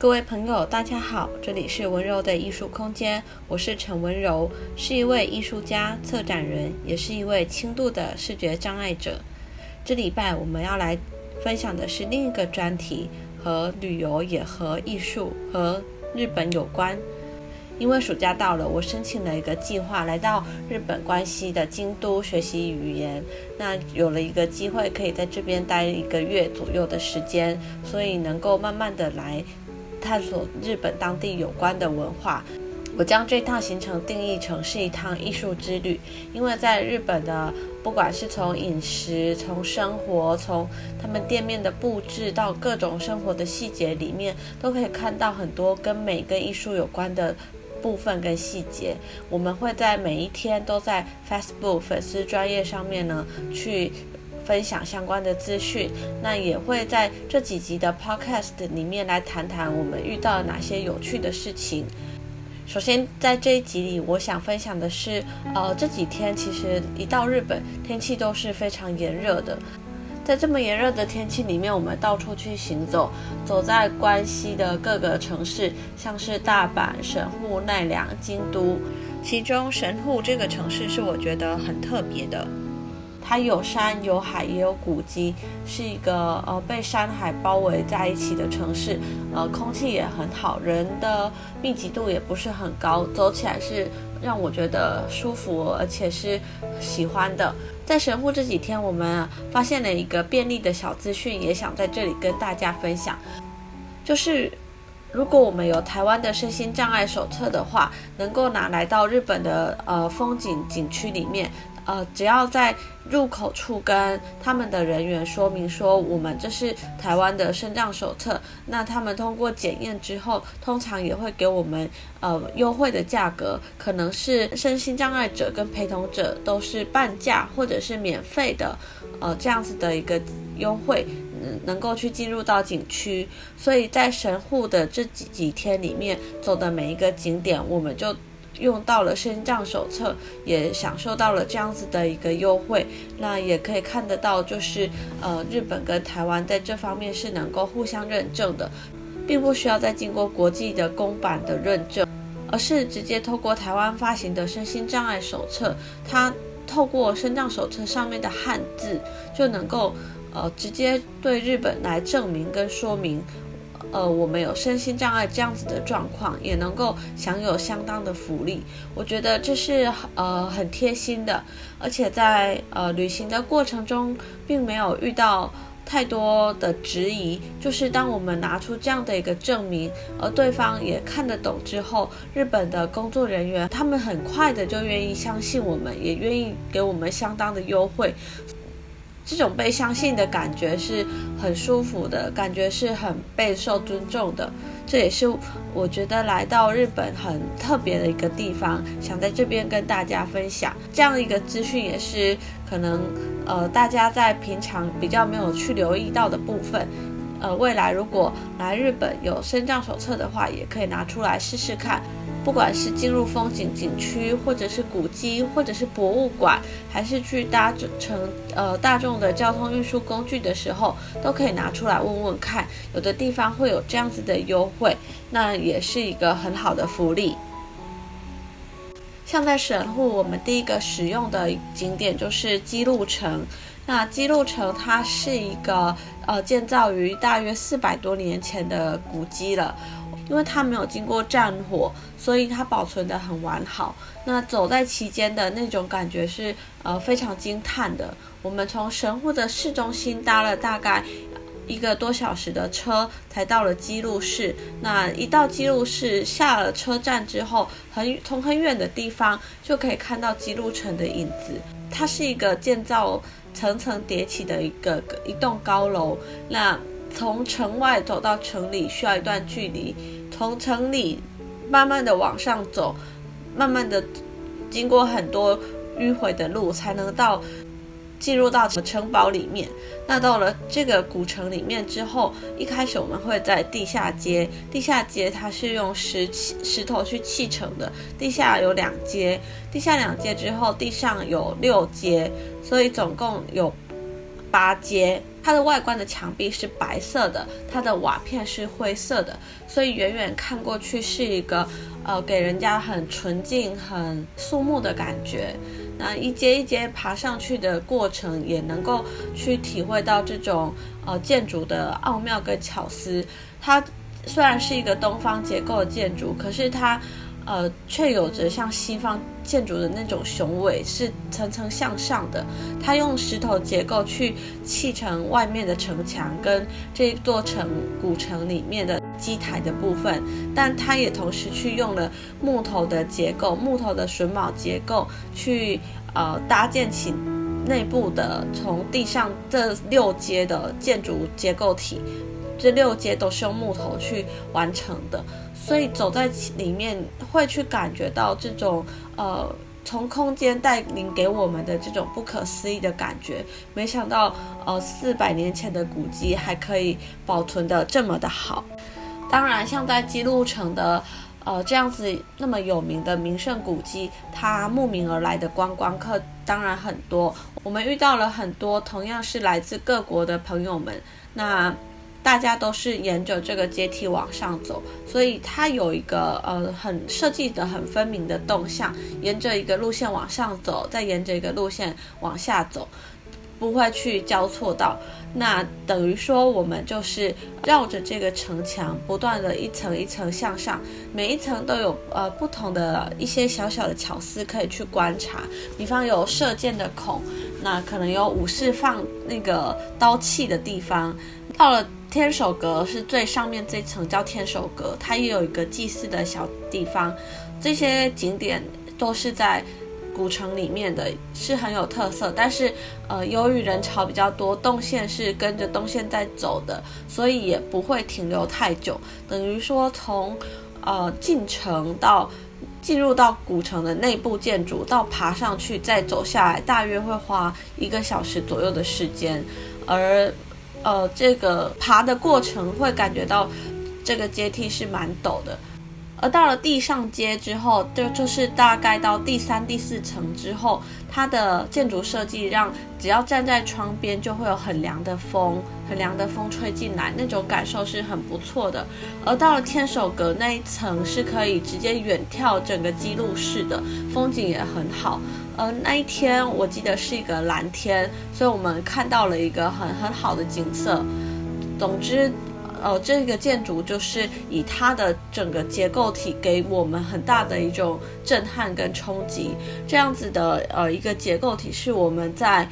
各位朋友，大家好，這裡是雯柔的藝術空間，我是陳雯柔，是一位藝術家、策展人，也是一位輕度的視覺障礙者。這禮拜我們要來分享的是另一個專題，和旅遊也和藝術和日本有關。因為暑假到了，我申請了一個計劃，來到日本關西的京都學習語言。那有了一個機會，可以在這邊待一個月左右的時間，所以能夠慢慢的來。探索日本當地有關的文化，我將這趟行程定義成是一趟藝術之旅，因為在日本的不管是從飲食、從生活、從他們店面的布置到各種生活的細節裡面，都可以看到很多跟每個藝術有關的部分跟細節。我們會在每一天都在 Facebook 粉絲專頁上面呢去。分享相關的資訊，那也會在這幾集的 Podcast 裡面來談談我們遇到了哪些有趣的事情。首先，在這一集裡，我想分享的是，呃，這幾天其實一到日本，天氣都是非常炎熱的。在這麼炎熱的天氣裡面，我們到處去行走，走在關西的各個城市，像是大阪、神戶、奈良、京都，其中神戶這個城市是我覺得很特別的。它有山有海，也有古蹟，是一個呃被山海包圍在一起的城市。呃，空氣也很好，人的密集度也不是很高，走起來是讓我覺得舒服，而且是喜歡的。在神戶這幾天，我們啊，發現了一個便利的小資訊，也想在這裡跟大家分享，就是。如果我們有台灣的身心障礙手冊的話，能夠拿來到日本的呃風景景區裡面，呃，只要在入口處跟他們的人員說明說我們這是台灣的身障手冊，那他們通過檢驗之後，通常也會給我們呃優惠的價格，可能是身心障礙者跟陪同者都是半價或者是免費的，呃這樣子的一個優惠，能夠去進入到景區，所以在神戶的這幾幾天裡面，走的每一個景點，我們就用到了身障手冊，也享受到了這樣子的一個優惠。那也可以看得到，就是呃，日本跟台灣在這方面是能夠互相認證的，並不需要再經過國際的公版的認證，而是直接透過台灣發行的身心障礙手冊，它透過身障手冊上面的漢字就能夠。呃，直接對日本來證明跟說明，呃，我們有身心障礙這樣子的狀況，也能夠享有相當的福利。我覺得這是呃很貼心的，而且在呃旅行的過程中，並沒有遇到太多的質疑。就是當我們拿出這樣的一個證明，而對方也看得懂之後，日本的工作人員他們很快的就願意相信我們，也願意給我們相當的優惠。這種被相信的感覺是很舒服的，感覺是很備受尊重的。這也是我覺得來到日本很特別的一個地方，想在這邊跟大家分享這樣的一個資訊，也是可能呃大家在平常比較沒有去留意到的部分。呃，未來如果來日本有身障手冊的話，也可以拿出來試試看。不管是進入風景景區，或者是古蹟，或者是博物館，還是去搭乘呃大眾的交通運輸工具的時候，都可以拿出來問問看，有的地方會有這樣子的優惠，那也是一個很好的福利。像在神戶，我們第一個使用的景點就是姬路城。那姬路城它是一個呃建造於大約四百多年前的古蹟了。因為它沒有經過戰火，所以它保存得很完好。那走在其間的那種感覺是，呃，非常驚嘆的。我們從神戶的市中心搭了大概一個多小時的車，才到了姬路市。那一到姬路市，下了車站之後，很從很遠的地方就可以看到姬路城的影子。它是一個建造層層疊起的一個一棟高樓。那從城外走到城裡需要一段距離，從城裡慢慢的往上走，慢慢的經過很多迂回的路，才能到進入到城堡裡面。那到了這個古城裡面之後，一開始我們會在地下街。地下街它是用石石頭去砌成的，地下有兩階，地下兩階之後地上有六階，所以總共有。八階，它的外觀的牆壁是白色的，它的瓦片是灰色的，所以遠遠看過去是一個，呃，給人家很純淨、很肅穆的感覺。那一階一階爬上去的過程，也能夠去體會到這種，呃，建築的奧妙跟巧思。它雖然是一個東方結構的建築，可是它。呃，卻有着像西方建築的那種雄偉，是層層向上的。它用石頭結構去砌成外面的城牆跟這座城古城裡面的基台的部分，但它也同時去用了木頭的結構，木頭的榫卯結構去呃搭建起內部的從地上這六階的建築結構體，這六階都是用木頭去完成的。所以走在裡面會去感覺到這種，呃，從空間帶領給我們的這種不可思議的感覺。沒想到，呃，四百年前的古蹟還可以保存的這麼的好。當然，像在姬路城的，呃，這樣子那麼有名的名勝古蹟，它慕名而來的觀光客當然很多。我們遇到了很多同樣是來自各國的朋友們。那。大家都是沿着這個階梯往上走，所以它有一個呃很設計的很分明的動向，沿着一個路線往上走，再沿着一個路線往下走，不會去交錯到。那等於說我們就是繞着這個城牆，不斷的一層一層向上，每一層都有呃不同的一些小小的巧思可以去觀察。比方有射箭的孔，那可能有武士放那個刀器的地方，到了。天守閣是最上面這層叫天守閣，它也有一個祭祀的小地方。這些景點都是在古城裡面的，是很有特色。但是，呃，由於人潮比較多，動線是跟着動線在走的，所以也不會停留太久。等於說，從呃進城到進入到古城的內部建築，到爬上去再走下來，大約會花一個小時左右的時間。而呃，這個爬的過程會感覺到這個階梯是蠻陡的，而到了地上階之後，就就是大概到第三、第四層之後，它的建築設計讓只要站在窗邊就會有很涼的風，很涼的風吹進來，那種感受是很不錯的。而到了天守閣那一層是可以直接遠眺整個姬路市的風景，也很好。呃，那一天我記得是一個藍天，所以我們看到了一個很很好的景色。總之，呃，這個建築就是以它的整個結構體給我們很大的一種震撼跟衝擊。這樣子的呃一個結構體是我們在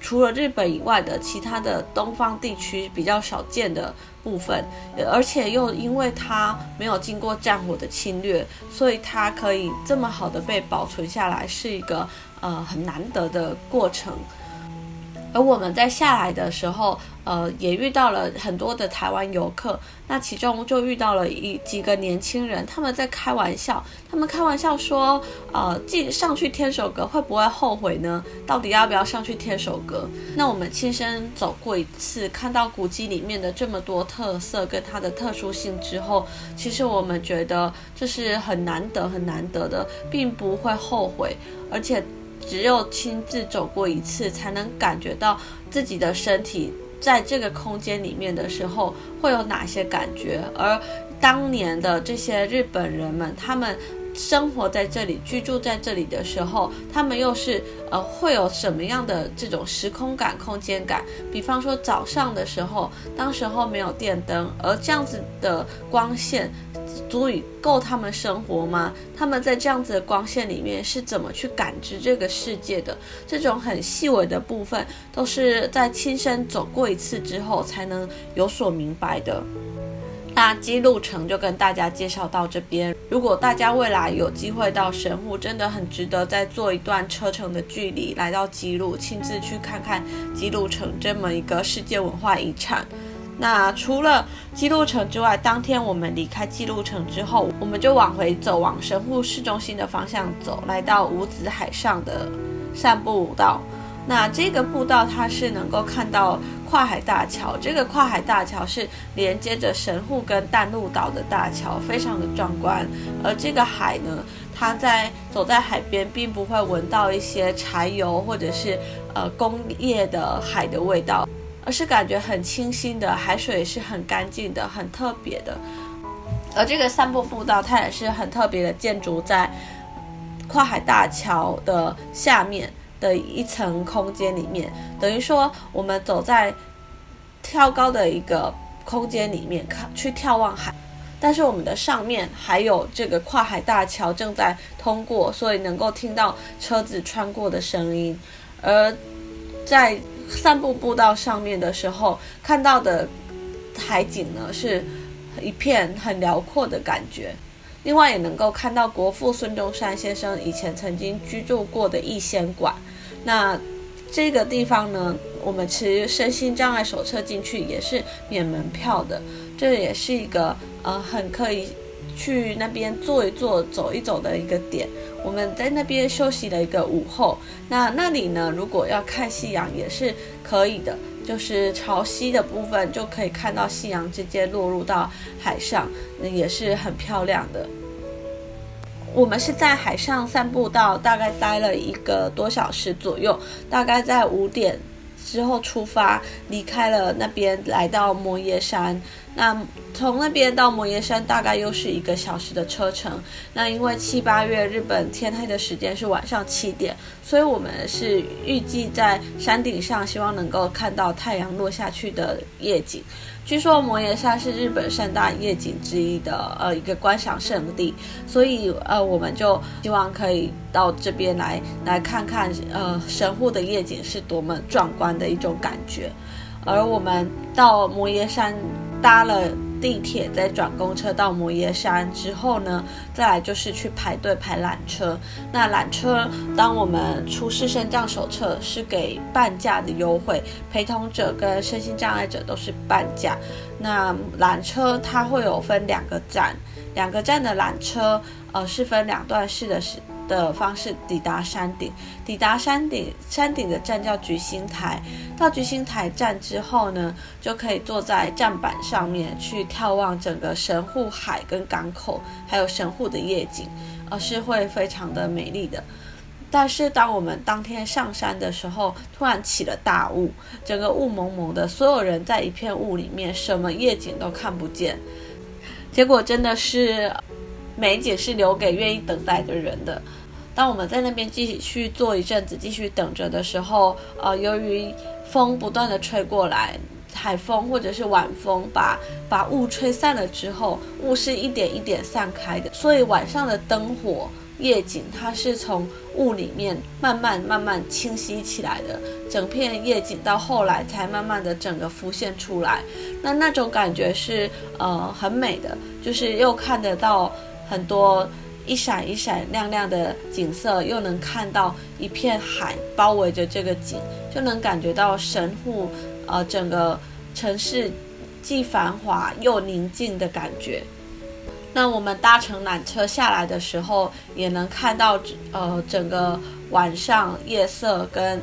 除了日本以外的其他的東方地區比較少見的。部分，而且又因為它沒有經過戰火的侵略，所以它可以這麼好的被保存下來，是一個呃很難得的過程。而我們在下來的時候，呃，也遇到了很多的台灣遊客。那其中就遇到了一幾個年輕人，他們在開玩笑，他們開玩笑說，呃，進上去天守閣會不會後悔呢？到底要不要上去天守閣？那我們親身走過一次，看到古蹟裡面的這麼多特色跟它的特殊性之後，其實我們覺得這是很難得、很難得的，並不會後悔，而且。只有親自走過一次，才能感覺到自己的身體在這個空間裡面的時候，會有哪些感覺。而當年的這些日本人們，他們。生活在這裡，居住在這裡的時候，他們又是呃，會有什麼樣的這種時空感、空間感？比方說早上的時候，當時候沒有電燈，而這樣子的光線，足以夠他們生活嗎？他們在這樣子的光線裡面是怎麼去感知這個世界的？這種很細微的部分，都是在親身走過一次之後，才能有所明白的。那姬路城就跟大家介紹到這邊。如果大家未來有機會到神戶，真的很值得再坐一段車程的距離來到姬路，親自去看看姬路城這麼一個世界文化遺產。那除了姬路城之外，當天我們離開姬路城之後，我們就往回走，往神戶市中心的方向走，來到舞子海上的散步道。那這個步道它是能夠看到跨海大橋，這個跨海大橋是連接着神戶跟淡路島的大橋，非常的壯觀。而這個海呢，它在走在海邊，並不會聞到一些柴油或者是呃工業的海的味道，而是感覺很清新的海水，是很乾淨的，很特別的。而這個散步步道它也是很特別的建築，在跨海大橋的下面的一層空間裡面，等於說我們走在挑高的一個空間裡面，看去眺望海，但是我們的上面還有這個跨海大橋正在通過，所以能夠聽到車子穿過的聲音。而在散步步道上面的時候，看到的海景呢，是一片很遼闊的感覺。另外也能夠看到國父孫中山先生以前曾經居住過的逸仙館。那這個地方呢，我們持身心障礙手冊進去也是免門票的，這也是一個呃很可以去那邊坐一坐，走一走的一個點。我們在那邊休息了一個午後，那那裡呢，如果要看夕陽也是可以的，就是潮汐的部分就可以看到夕陽直接落入到海上，呃，也是很漂亮的。我們是在海上散步道，到大概待了一個多小時左右，大概在五點之後出發，離開了那邊，來到摩耶山。那從那邊到摩耶山大概又是一個小時的車程。那因為七八月日本天黑的時間是晚上七點，所以我們是預計在山頂上，希望能夠看到太陽落下去的夜景。據說摩耶山是日本三大夜景之一的，呃，一個觀賞聖地。所以，呃，我們就希望可以到這邊來，來看看，呃，神戶的夜景是多麼壯觀的一種感覺。而我們到摩耶山。搭了地鐵，再轉公車到摩耶山之後呢，再來就是去排隊排纜車。那纜車，當我們出示身障手冊，是給半價的優惠，陪同者跟身心障礙者都是半價。那纜車它會有分兩個站，兩個站的纜車，呃，是分兩段式的。是。的方式抵達山頂，抵達山頂，山頂的站叫掬星台。到掬星台站之後呢，就可以坐在站板上面去眺望整個神戶海跟港口，還有神戶的夜景，而是會非常的美麗的。但是當我們當天上山的時候，突然起了大霧，整個霧蒙蒙的，所有人在一片霧裡面，什麼夜景都看不見。結果真的是。美景是留給願意等待的人的。當我們在那邊繼續去坐一陣子，繼續等着的時候，呃，由於風不斷的吹過來，海風或者是晚風把把霧吹散了之後，霧是一點一點散開的。所以晚上的燈火夜景，它是從霧裡面慢慢慢慢清晰起來的。整片夜景到後來才慢慢的整個浮現出來。那那種感覺是呃很美的，就是又看得到。很多一閃一閃亮亮的景色，又能看到一片海包圍着這個景，就能感覺到神戶，呃，整個城市既繁華又寧靜的感覺。那我們搭乘纜車下來的時候，也能看到呃整個晚上夜色跟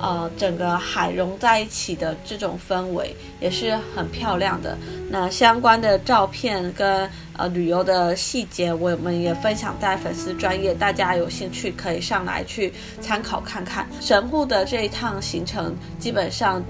呃整個海融在一起的這種氛圍，也是很漂亮的。那相關的照片跟。呃，旅遊的細節我們也分享在粉絲專頁，大家有興趣可以上來去參考看看。神戶的這一趟行程，基本上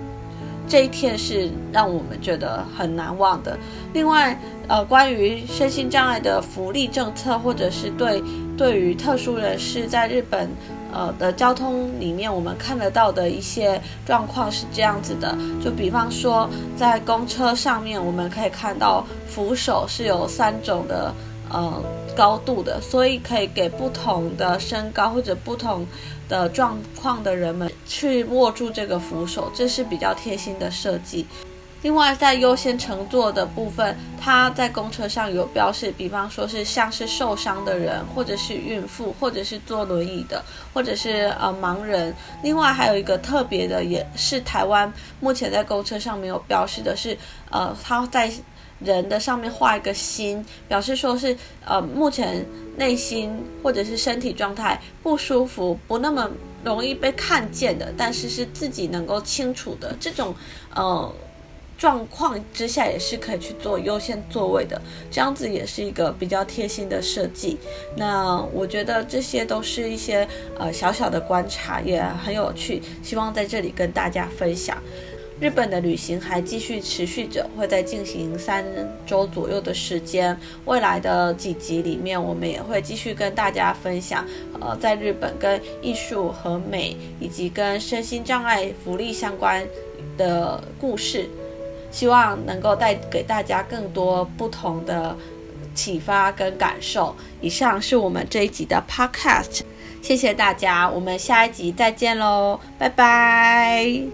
這一天是讓我們覺得很難忘的。另外，呃，關於身心障礙的福利政策，或者是對對於特殊人士在日本。呃的交通裡面，我們看得到的一些狀況是這樣子的，就比方說在公車上面，我們可以看到扶手是有三種的呃高度的，所以可以給不同的身高或者不同的狀況的人們去握住這個扶手，這是比較貼心的設計。另外，在優先乘坐的部分，它在公車上有標示，比方說是像是受傷的人，或者是孕婦，或者是坐輪椅的，或者是呃盲人。另外還有一個特別的，也是台灣目前在公車上沒有標示的是，是呃，他在人的上面畫一個心，表示說是呃目前內心或者是身體狀態不舒服，不那麼容易被看見的，但是是自己能夠清楚的這種呃。狀況之下也是可以去做優先座位的，這樣子也是一個比較貼心的設計。那我覺得這些都是一些呃小小的觀察，也很有趣。希望在這裡跟大家分享。日本的旅行還繼續持續着，會在進行三周左右的時間。未來的幾集裡面，我們也會繼續跟大家分享呃在日本跟藝術和美以及跟身心障礙福利相關的故事。希望能夠帶給大家更多不同的啟發跟感受。以上是我們這一集的 Podcast，謝謝大家，我們下一集再見嘍，拜拜。